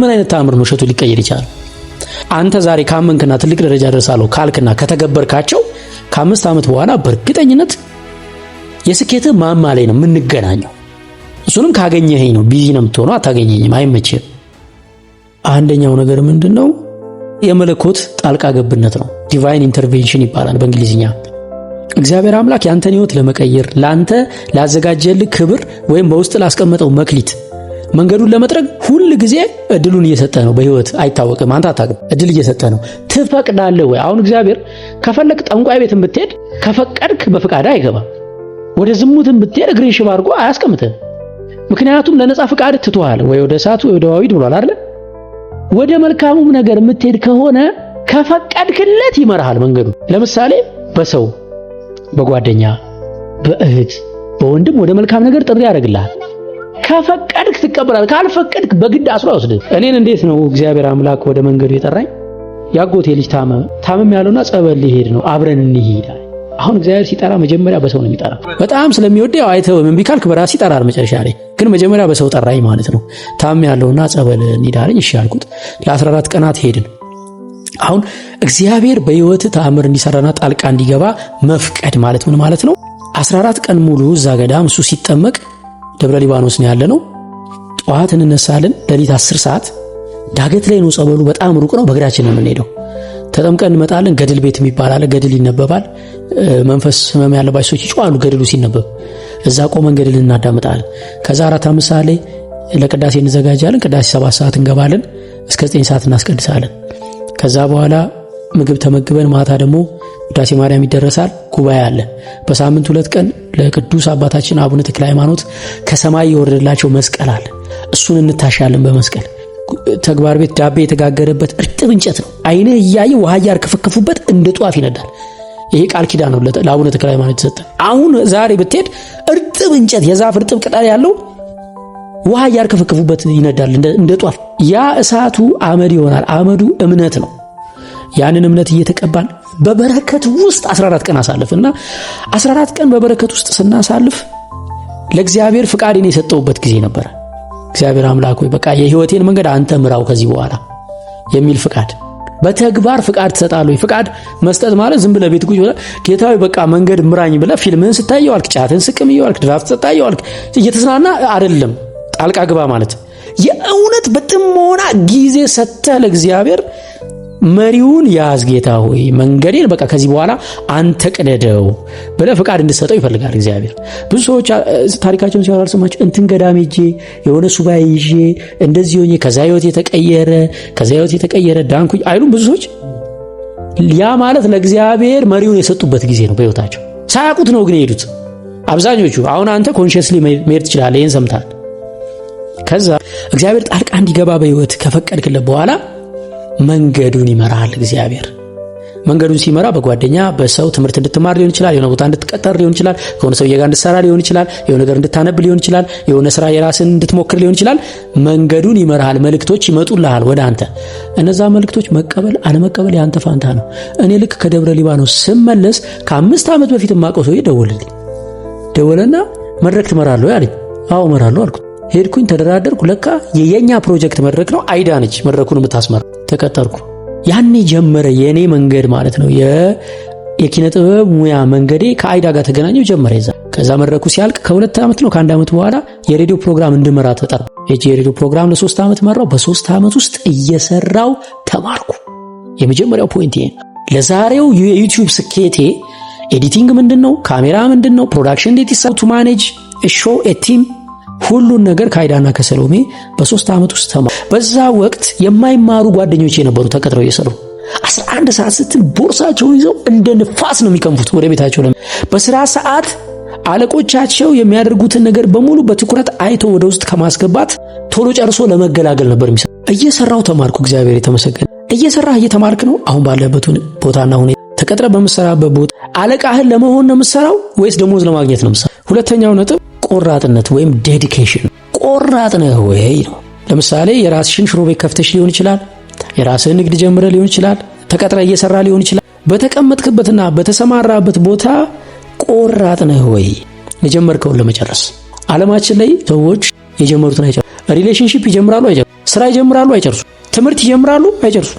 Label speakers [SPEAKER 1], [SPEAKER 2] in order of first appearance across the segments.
[SPEAKER 1] ምን አይነት ተአምር ነው እሸቱ ሊቀየር ይችላል? አንተ ዛሬ ካመንክና ትልቅ ደረጃ ደርሳለሁ ካልክና ከተገበርካቸው ከአምስት ዓመት በኋላ በእርግጠኝነት የስኬት ማማ ላይ ነው የምንገናኘው። እሱንም ካገኘኸኝ ነው። ቢዚ ነው የምትሆነው፣ አታገኘኝም፣ አይመችም። አንደኛው ነገር ምንድን ነው? የመለኮት ጣልቃ ገብነት ነው። ዲቫይን ኢንተርቬንሽን ይባላል በእንግሊዝኛ። እግዚአብሔር አምላክ ያንተን ህይወት ለመቀየር ላንተ ላዘጋጀልህ ክብር ወይም በውስጥ ላስቀመጠው መክሊት መንገዱን ለመጥረግ ሁል ጊዜ እድሉን እየሰጠ ነው። በህይወት አይታወቅም፣ አንተ አታውቅም። እድል እየሰጠ ነው። ትፈቅዳለህ ወይ? አሁን እግዚአብሔር ከፈለግ ጠንቋይ ቤትን ብትሄድ ከፈቀድክ በፍቃድ አይገባም። ወደ ዝሙትን ብትሄድ እግርን ሽባ አድርጎ አያስቀምጥም። ምክንያቱም ለነፃ ፍቃድ ትተዋል። ወይ ወደ እሳቱ ወደ ዋዊድ ብሏል አይደል? ወደ መልካሙም ነገር የምትሄድ ከሆነ ከፈቀድክለት ይመራሃል መንገዱ። ለምሳሌ በሰው በጓደኛ በእህት በወንድም ወደ መልካም ነገር ጥሪ ያደርግልሃል። ከፈቀድክ ትቀበላል፣ ካልፈቀድክ በግድ አስሮ አይወስድም። እኔን እንዴት ነው እግዚአብሔር አምላክ ወደ መንገዱ የጠራኝ? ያጎቴ ልጅ ታመመ። ታመም ያለውና ጸበል ሊሄድ ነው፣ አብረን እንሂዳል። አሁን እግዚአብሔር ሲጠራ መጀመሪያ በሰው ነው የሚጠራ። በጣም ስለሚወደው አይተው ምን ቢካልክ በራስ ይጠራል። መጨረሻ ላይ ግን መጀመሪያ በሰው ጠራኝ ማለት ነው። ታም ያለውና ጸበል እንሂዳለኝ እሺ አልኩት። ለ14 ቀናት ሄድን። አሁን እግዚአብሔር በህይወት ተአምር እንዲሰራና ጣልቃ እንዲገባ መፍቀድ ማለት ምን ማለት ነው? 14 ቀን ሙሉ እዛ ገዳም እሱ ሲጠመቅ ደብረ ሊባኖስ ነው ያለ ነው ጠዋት እንነሳለን። ሌሊት አስር ሰዓት ዳገት ላይ ነው ጸበሉ። በጣም ሩቅ ነው፣ በእግራችን ነው የምንሄደው። ተጠምቀን እንመጣለን። ገድል ቤት የሚባል አለ። ገድል ይነበባል። መንፈስ ህመም ያለባቸው ሰዎች ይጮዋሉ ገድሉ ሲነበብ። እዛ ቆመን ገድል እናዳምጣለን። ከዛ አራት አምስት ሰዓት ላይ ለቅዳሴ እንዘጋጃለን። ቅዳሴ ሰባት ሰዓት እንገባለን። እስከ ዘጠኝ ሰዓት እናስቀድሳለን። ከዛ በኋላ ምግብ ተመግበን ማታ ደግሞ ቅዳሴ ማርያም ይደረሳል። ጉባኤ አለ። በሳምንት ሁለት ቀን ለቅዱስ አባታችን አቡነ ተክለ ሃይማኖት ከሰማይ የወረደላቸው መስቀል አለ። እሱን እንታሻለን በመስቀል ተግባር ቤት ዳቤ የተጋገረበት እርጥብ እንጨት ነው። አይነ እያየ ውሃ ያርከፈከፉበት እንደ ጧፍ ይነዳል። ይሄ ቃል ኪዳን ነው ለአቡነ ተክለ ሃይማኖት የተሰጠ። አሁን ዛሬ ብትሄድ እርጥብ እንጨት የዛፍ እርጥብ ቅጠል ያለው ውሃ ያርከፈከፉበት ይነዳል እንደ ጧፍ። ያ እሳቱ አመድ ይሆናል። አመዱ እምነት ነው። ያንን እምነት እየተቀባል በበረከት ውስጥ 14 ቀን አሳልፍ እና 14 ቀን በበረከት ውስጥ ስናሳልፍ ለእግዚአብሔር ፍቃድን የሰጠውበት ጊዜ ነበረ። እግዚአብሔር አምላክ ሆይ በቃ የህይወቴን መንገድ አንተ ምራው ከዚህ በኋላ የሚል ፍቃድ በተግባር ፍቃድ ትሰጣለህ። ፍቃድ መስጠት ማለት ዝም ብለህ ቤት ቁጭ ብለህ ጌታ በቃ መንገድ ምራኝ ብለህ ፊልምህን ስታየው አልክ፣ ጫትን ስቅም የዋልክ፣ ድራፍት ስጠጣ የዋልክ እየተዝናና አይደለም። ጣልቃ ግባ ማለት የእውነት በጥሞና ጊዜ ሰጥተህ ለእግዚአብሔር መሪውን ያዝ ጌታ ሆይ መንገዴን በቃ ከዚህ በኋላ አንተ ቅደደው ብለህ ፍቃድ እንድሰጠው ይፈልጋል እግዚአብሔር። ብዙ ሰዎች ታሪካቸውን ሲያወራ አልሰማችሁ እንትን ገዳም ሄጄ የሆነ ሱባኤ ይዤ እንደዚህ ሆኜ ከዛ ህይወት የተቀየረ ከዛ ህይወት የተቀየረ ዳንኩ አይሉም ብዙ ሰዎች። ያ ማለት ለእግዚአብሔር መሪውን የሰጡበት ጊዜ ነው። በህይወታቸው ሳያውቁት ነው ግን የሄዱት አብዛኞቹ። አሁን አንተ ኮንሽየስሊ መሄድ ትችላለህ። ይህን ሰምታል። ከዛ እግዚአብሔር ጣልቃ እንዲገባ በህይወት ከፈቀድክለት በኋላ መንገዱን ይመራል። እግዚአብሔር መንገዱን ሲመራ በጓደኛ በሰው ትምህርት እንድትማር ሊሆን ይችላል። የሆነ ቦታ እንድትቀጠር ሊሆን ይችላል። ከሆነ ሰውዬ ጋር እንድትሰራ ሊሆን ይችላል። የሆነ ነገር እንድታነብ ሊሆን ይችላል። የሆነ ስራ የራስን እንድትሞክር ሊሆን ይችላል። መንገዱን ይመራሃል። መልእክቶች ይመጡልሃል ወደ አንተ። እነዛ መልእክቶች መቀበል አለመቀበል የአንተ ፋንታ ነው። እኔ ልክ ከደብረ ሊባኖስ ስመለስ ከአምስት ዓመት በፊት የማውቀው ሰውዬ ደወለልኝ። ደወለና መድረክ ትመራለህ አለኝ። አዎ እመራለሁ አልኩት። ሄድኩኝ፣ ተደራደርኩ። ለካ የየኛ ፕሮጀክት መድረክ ነው። አይዳ ነች መድረኩን የምታስመራ ተቀጠርኩ። ያኔ ጀመረ የእኔ መንገድ ማለት ነው። የኪነ ጥበብ ሙያ መንገዴ ከአይዳ ጋር ተገናኘው ጀመረ። ይዛ ከዛ መድረኩ ሲያልቅ ከሁለት ዓመት ነው ከአንድ ዓመት በኋላ የሬዲዮ ፕሮግራም እንድመራ ተጠራ። የሬዲዮ ፕሮግራም ለሶስት ዓመት መራው። በሶስት ዓመት ውስጥ እየሰራው ተማርኩ። የመጀመሪያው ፖይንት ይሄ ለዛሬው የዩቲዩብ ስኬቴ ኤዲቲንግ ምንድን ነው፣ ካሜራ ምንድን ነው፣ ፕሮዳክሽን እንዴት ይሰራል፣ ቱ ማኔጅ ሾ ቲም ሁሉን ነገር ከአይዳና ከሰሎሜ በሶስት ዓመት ውስጥ ተማሩ። በዛ ወቅት የማይማሩ ጓደኞች የነበሩ ተቀጥረው እየሰሩ አስራ አንድ ሰዓት ስትል ቦርሳቸውን ይዘው እንደ ንፋስ ነው የሚከንፉት ወደ ቤታቸው። በስራ ሰዓት አለቆቻቸው የሚያደርጉትን ነገር በሙሉ በትኩረት አይቶ ወደ ውስጥ ከማስገባት ቶሎ ጨርሶ ለመገላገል ነበር የሚሰ እየሰራው ተማርኩ። እግዚአብሔር የተመሰገነ። እየሰራ እየተማርክ ነው። አሁን ባለበት ቦታና ሁኔታ ተቀጥረ በምሰራበት ቦታ አለቃህን ለመሆን ነው የምሰራው ወይስ ደሞዝ ለማግኘት ነው የምሰራው? ሁለተኛው ነጥብ ቆራጥነት ወይም ዴዲኬሽን ቆራጥ ነህ ወይ ነው። ለምሳሌ የራስሽን ሽሮ ቤት ከፍተሽ ሊሆን ይችላል። የራስህን ንግድ ጀምረ ሊሆን ይችላል። ተቀጥረ እየሰራ ሊሆን ይችላል። በተቀመጥክበትና በተሰማራበት ቦታ ቆራጥ ነህ ወይ? የጀመርከውን ለመጨረስ ዓለማችን ላይ ሰዎች የጀመሩትን አይጨርሱ። ሪሌሽንሽፕ ይጀምራሉ አይጨርሱ። ስራ ይጀምራሉ አይጨርሱ። ትምህርት ይጀምራሉ አይጨርሱ።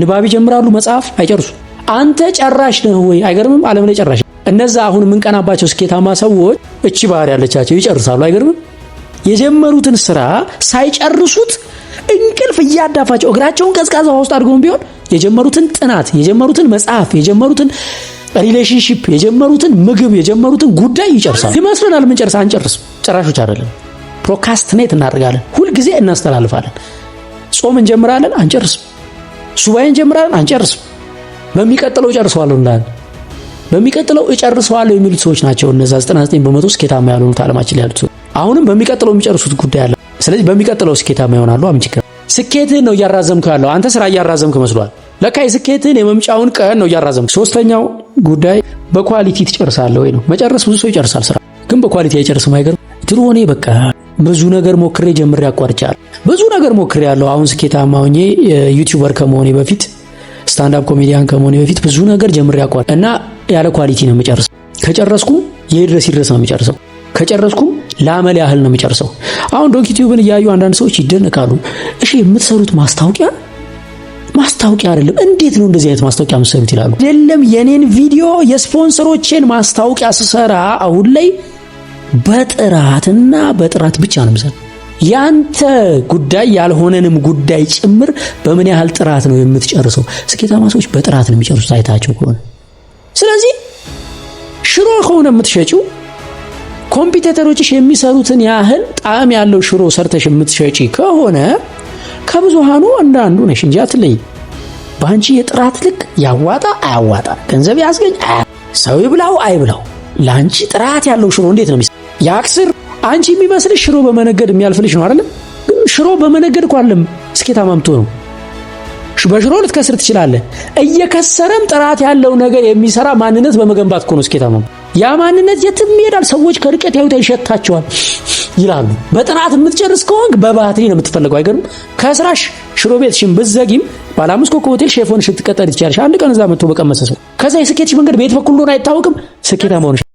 [SPEAKER 1] ንባብ ይጀምራሉ መጽሐፍ አይጨርሱ። አንተ ጨራሽ ነህ ወይ? አይገርምም? ዓለም ላይ ጨራሽ እነዛ አሁን የምንቀናባቸው ስኬታማ ሰዎች እቺ ባህሪ ያለቻቸው ይጨርሳሉ። አይገርምም? የጀመሩትን ስራ ሳይጨርሱት እንቅልፍ እያዳፋቸው እግራቸውን ቀዝቃዛ ውስጥ አድርገውም ቢሆን የጀመሩትን ጥናት፣ የጀመሩትን መጽሐፍ፣ የጀመሩትን ሪሌሽንሽፕ፣ የጀመሩትን ምግብ፣ የጀመሩትን ጉዳይ ይጨርሳሉ። ይመስለናል ምንጨርስ፣ አንጨርስም። ጭራሾች አይደለም። ፕሮካስትኔት እናደርጋለን። ሁልጊዜ እናስተላልፋለን። ጾም እንጀምራለን፣ አንጨርስም። ሱባኤ እንጀምራለን፣ አንጨርስም። በሚቀጥለው ጨርሰዋል እንዳለን በሚቀጥለው እጨርሰዋለሁ የሚሉት ሰዎች ናቸው። እነዛ 99 በመቶ ስኬታማ ያልሆኑት አለማችን ላይ ያሉት አሁንም በሚቀጥለው የሚጨርሱት ጉዳይ አለ። ስለዚህ በሚቀጥለው ስኬታማ ይሆናሉ። አምችከ ስኬትህን ነው እያራዘምከው ያለው። አንተ ስራ እያራዘምክ መስሏል። ለካ የስኬትህን የመምጫውን ቀን ነው እያራዘምክ። ሶስተኛው ጉዳይ በኳሊቲ ትጨርሳለህ ወይ ነው። መጨረስ ብዙ ሰው ይጨርሳል ስራ ግን በኳሊቲ አይጨርስም። አይገርም ትሩ ሆኔ በቃ ብዙ ነገር ሞክሬ ጀምሬ አቋርጫለሁ። ብዙ ነገር ሞክሬ ያለው አሁን ስኬታማ ሆኜ ዩቲዩበር ከመሆኔ በፊት ስታንዳፕ ኮሜዲያን ከመሆኔ በፊት ብዙ ነገር ጀምሬ አቋር እና ያለ ኳሊቲ ነው የምጨርሰው። ከጨረስኩም የድረስ ይድረስ ነው የምጨርሰው። ከጨረስኩም ለአመል ያህል ነው የምጨርሰው። አሁን ዶንኪ እያዩ አንዳንድ ሰዎች ይደነቃሉ። እሺ የምትሰሩት ማስታወቂያ ማስታወቂያ አይደለም፣ እንዴት ነው እንደዚህ አይነት ማስታወቂያ የምትሰሩት ይላሉ። አይደለም የኔን ቪዲዮ የስፖንሰሮቼን ማስታወቂያ ስሰራ አሁን ላይ በጥራትና በጥራት ብቻ ነው የምሰራው። ያንተ ጉዳይ ያልሆነንም ጉዳይ ጭምር በምን ያህል ጥራት ነው የምትጨርሰው? ስኬታማ ሰዎች በጥራት ነው የሚጨርሱት። አይታቸው ከሆነ ስለዚህ ሽሮ ከሆነ የምትሸጪው ኮምፒውተሮችሽ የሚሰሩትን ያህል ጣዕም ያለው ሽሮ ሰርተሽ የምትሸጪ ከሆነ ከብዙሃኑ አንዳንዱ ነሽ እንጂ አትለይ። በአንቺ የጥራት ልክ ያዋጣ አያዋጣ፣ ገንዘብ ያስገኝ ሰው ይብላው አይብላው፣ ለአንቺ ጥራት ያለው ሽሮ እንዴት ነው ያክስር? አንቺ የሚመስልሽ ሽሮ በመነገድ የሚያልፍልሽ ነው አይደለም። ግን ሽሮ በመነገድ እኮ አለም ማምቶ ነው። በሽሮ ልትከስር ትችላለህ። እየከሰረም ጥራት ያለው ነገር የሚሰራ ማንነት በመገንባት እኮ ነው ስኬታማ። ያ ማንነት የትም ይሄዳል። ሰዎች ከርቀት ያዩት ይሸታቸዋል ይላሉ። በጥራት የምትጨርስ ከሆንክ በባትሪ ነው የምትፈልገው። አይገርም? ከስራሽ ሽሮ ቤትሽን ብትዘጊም ባለ አምስት ኮከብ ሆቴል ሼፍ ሆነሽ ልትቀጠሪ ትችያለሽ። አንድ ቀን እዛ መጥቶ በቀመሰ ሰው ከዛ የስኬትሽ መንገድ በየት በኩል እንደሆነ አይታወቅም። ስኬታማ ሆነሽ